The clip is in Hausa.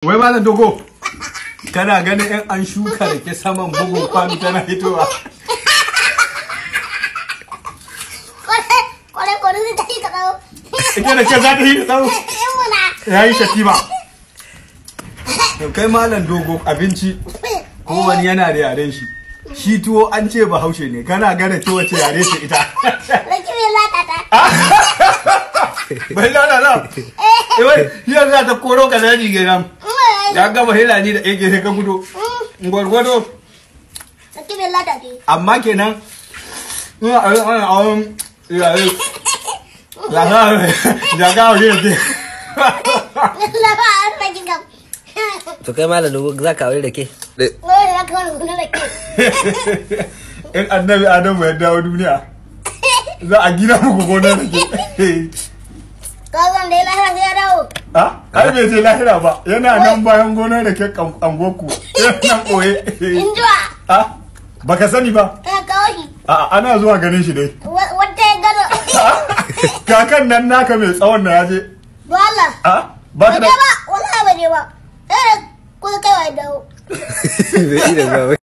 Wai malam dogo, Tana ganin ‘yan an shuka da ke saman bugun kwanu tana hitowa. Kwane-kwane zai ta yi tsawo. Ike da ke za ta yi tsawo. Eh, ya yi dogo abinci, ko wani yana da yaren shi. Shi tuwo an ce haushe ne, kana gane ce wace yare eh. Eh, shi ita. mai Bai lalala. Iwai, yanzu ta koro ka zaji gidan. ya gama hila ni da ake sai ka gudu gwargwado amma kenan ina a yi ana awon yare labarai da ne ke to kai malam za ka da ke in annabi adamu ya dawo duniya za a gina muku gonar da ke kazan da ya lahara ya dawo a ai bai je lahira ba yana nan bayan gonar da ke angoku nan koye in ji a baka sani ba eh, a ana zuwa ganin shi dai wata ya gano kakan nan naka mai tsawon na yaje wala a ba ta ba wala ba ne ba eh kun kai wa dawo